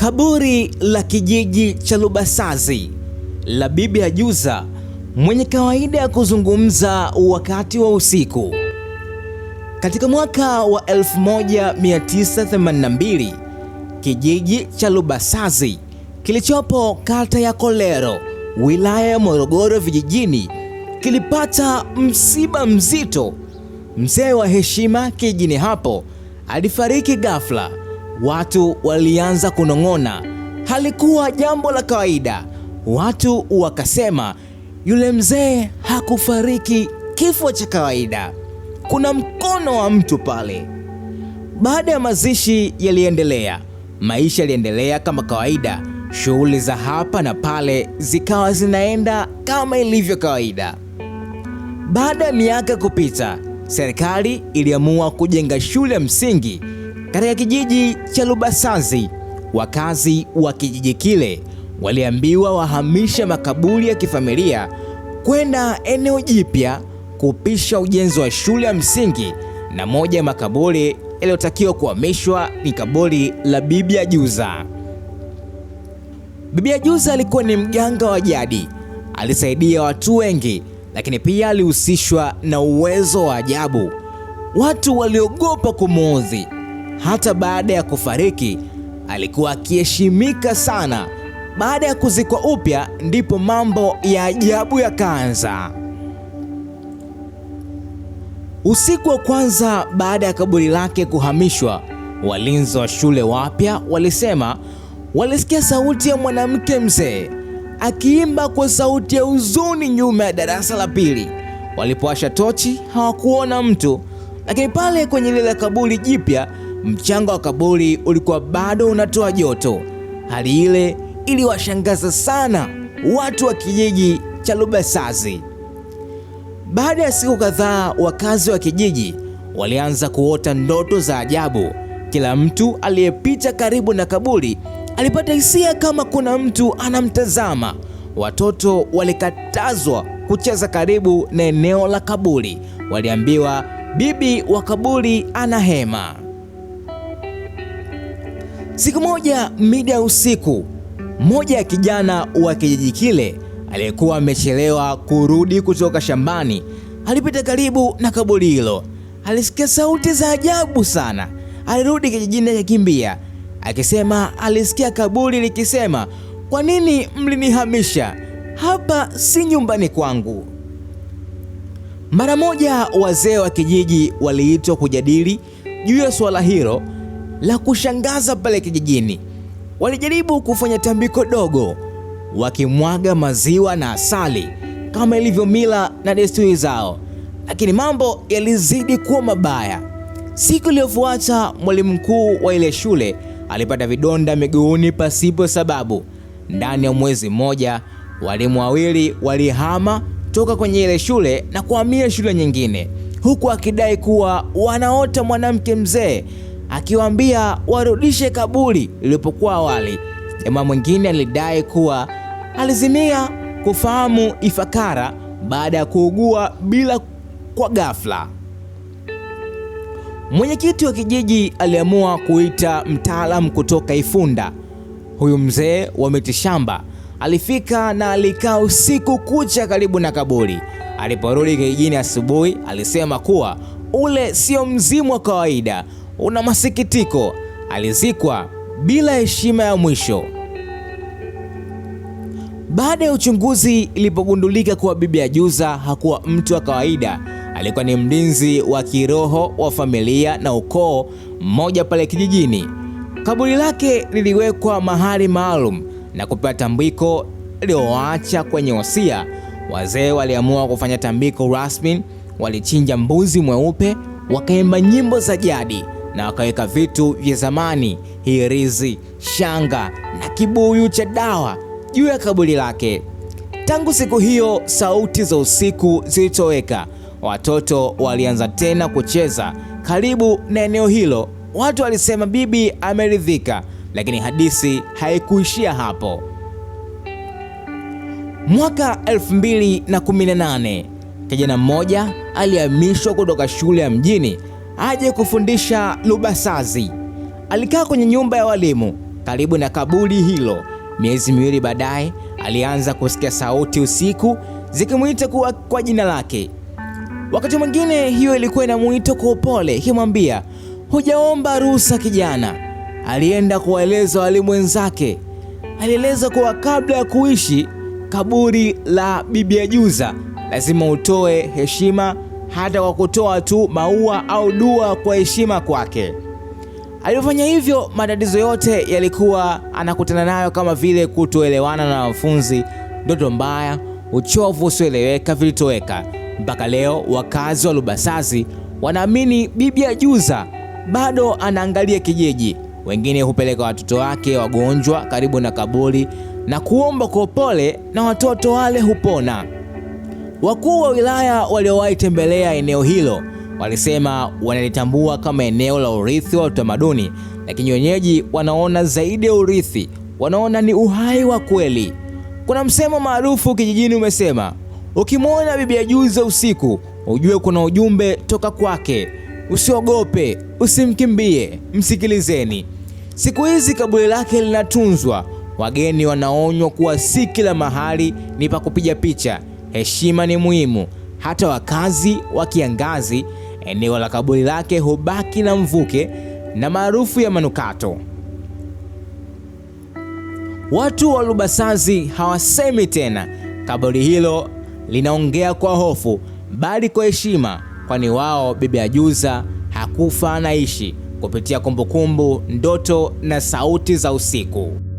Kaburi la kijiji cha Lubasazi la Bibi Ajuza mwenye kawaida ya kuzungumza wakati wa usiku. Katika mwaka wa 1982 kijiji cha Lubasazi kilichopo kata ya Kolero wilaya ya Morogoro vijijini kilipata msiba mzito. Mzee wa heshima kijijini hapo alifariki ghafla watu walianza kunong'ona. Halikuwa jambo la kawaida. Watu wakasema yule mzee hakufariki kifo cha kawaida, kuna mkono wa mtu pale. Baada ya mazishi yaliendelea, maisha yaliendelea kama kawaida. Shughuli za hapa na pale zikawa zinaenda kama ilivyo kawaida. Baada ya miaka kupita, serikali iliamua kujenga shule ya msingi katika kijiji cha Lubasazi, wakazi wa kijiji kile waliambiwa wahamisha makaburi ya kifamilia kwenda eneo jipya kupisha ujenzi wa shule ya msingi, na moja ya makaburi yaliyotakiwa kuhamishwa ni kaburi la Bibi Ajuza. Bibi Ajuza alikuwa ni mganga wa jadi, alisaidia watu wengi, lakini pia alihusishwa na uwezo wa ajabu. Watu waliogopa kumuudhi hata baada ya kufariki alikuwa akiheshimika sana. Baada ya kuzikwa upya, ndipo mambo ya ajabu yakaanza. Usiku wa kwanza baada ya kaburi lake kuhamishwa, walinzi wa shule wapya walisema walisikia sauti ya mwanamke mzee akiimba kwa sauti ya huzuni nyuma ya darasa la pili. Walipowasha tochi hawakuona mtu, lakini pale kwenye lile kaburi jipya Mchanga wa kaburi ulikuwa bado unatoa joto. Hali ile iliwashangaza sana watu wa kijiji cha Lubasazi. Baada ya siku kadhaa, wakazi wa kijiji walianza kuota ndoto za ajabu. Kila mtu aliyepita karibu na kaburi alipata hisia kama kuna mtu anamtazama. Watoto walikatazwa kucheza karibu na eneo la kaburi, waliambiwa bibi wa kaburi ana hema. Siku moja mida ya usiku, mmoja ya kijana wa kijiji kile aliyekuwa amechelewa kurudi kutoka shambani alipita karibu na kaburi hilo. Alisikia sauti za ajabu sana. Alirudi kijijini akikimbia akisema alisikia kaburi likisema, kwa nini mlinihamisha? Hapa si nyumbani kwangu. Mara moja wazee wa kijiji waliitwa kujadili juu ya suala hilo la kushangaza pale kijijini. Walijaribu kufanya tambiko dogo wakimwaga maziwa na asali kama ilivyo mila na desturi zao, lakini mambo yalizidi kuwa mabaya. Siku iliyofuata mwalimu mkuu wa ile shule alipata vidonda miguuni pasipo sababu. Ndani ya mwezi mmoja, walimu wawili walihama toka kwenye ile shule na kuhamia shule nyingine, huku akidai kuwa wanaota mwanamke mzee akiwaambia warudishe kaburi lilipokuwa awali. Jamaa mwingine alidai kuwa alizimia kufahamu Ifakara baada ya kuugua bila kwa ghafla. Mwenyekiti wa kijiji aliamua kuita mtaalamu kutoka Ifunda. Huyu mzee wa mitishamba alifika na alikaa usiku kucha karibu na kaburi. Aliporudi kijijini asubuhi, alisema kuwa ule sio mzimu wa kawaida, una masikitiko, alizikwa bila heshima ya mwisho. Baada ya uchunguzi, ilipogundulika kuwa Bibi Ajuza hakuwa mtu wa kawaida, alikuwa ni mlinzi wa kiroho wa familia na ukoo mmoja pale kijijini. Kaburi lake liliwekwa mahali maalum na kupewa tambiko lililoacha kwenye wasia. Wazee waliamua kufanya tambiko rasmi, walichinja mbuzi mweupe, wakaimba nyimbo za jadi na wakaweka vitu vya zamani, hirizi, shanga na kibuyu cha dawa juu ya kaburi lake. Tangu siku hiyo, sauti za usiku zilitoweka. Watoto walianza tena kucheza karibu na eneo hilo. Watu walisema bibi ameridhika, lakini hadithi haikuishia hapo. Mwaka 2018 kijana mmoja alihamishwa kutoka shule ya mjini aje kufundisha Lubasazi. Alikaa kwenye nyumba ya walimu karibu na kaburi hilo. Miezi miwili baadaye, alianza kusikia sauti usiku zikimwita kwa, kwa jina lake. Wakati mwingine hiyo ilikuwa inamuita kwa upole, ikimwambia hujaomba ruhusa kijana. Alienda kuwaeleza walimu wenzake. Alieleza kuwa kabla ya kuishi kaburi la bibi Ajuza lazima utoe heshima hata kwa kutoa tu maua au dua kwa heshima kwake. alivyofanya hivyo, matatizo yote yalikuwa anakutana nayo kama vile kutoelewana na wanafunzi, ndoto mbaya, uchovu usioeleweka vilitoweka. Mpaka leo wakazi wa lubasazi wanaamini bibi Ajuza bado anaangalia kijiji. Wengine hupeleka watoto wake wagonjwa karibu na kaburi na kuomba kwa upole, na watoto wale hupona. Wakuu wa wilaya waliowahi tembelea eneo hilo walisema wanalitambua kama eneo la urithi wa utamaduni, lakini wenyeji wanaona zaidi ya urithi, wanaona ni uhai wa kweli. Kuna msemo maarufu kijijini umesema, ukimwona bibi ajuza usiku ujue kuna ujumbe toka kwake. Usiogope, usimkimbie, msikilizeni. Siku hizi kaburi lake linatunzwa, wageni wanaonywa kuwa si kila mahali ni pa kupiga picha Heshima ni muhimu hata wakazi wa kiangazi. Eneo la kaburi lake hubaki na mvuke na maarufu ya manukato. Watu wa Lubasazi hawasemi tena kaburi hilo linaongea kwa hofu, bali kwa heshima, kwani wao Bibi Ajuza hakufa, anaishi kupitia kumbukumbu, ndoto na sauti za usiku.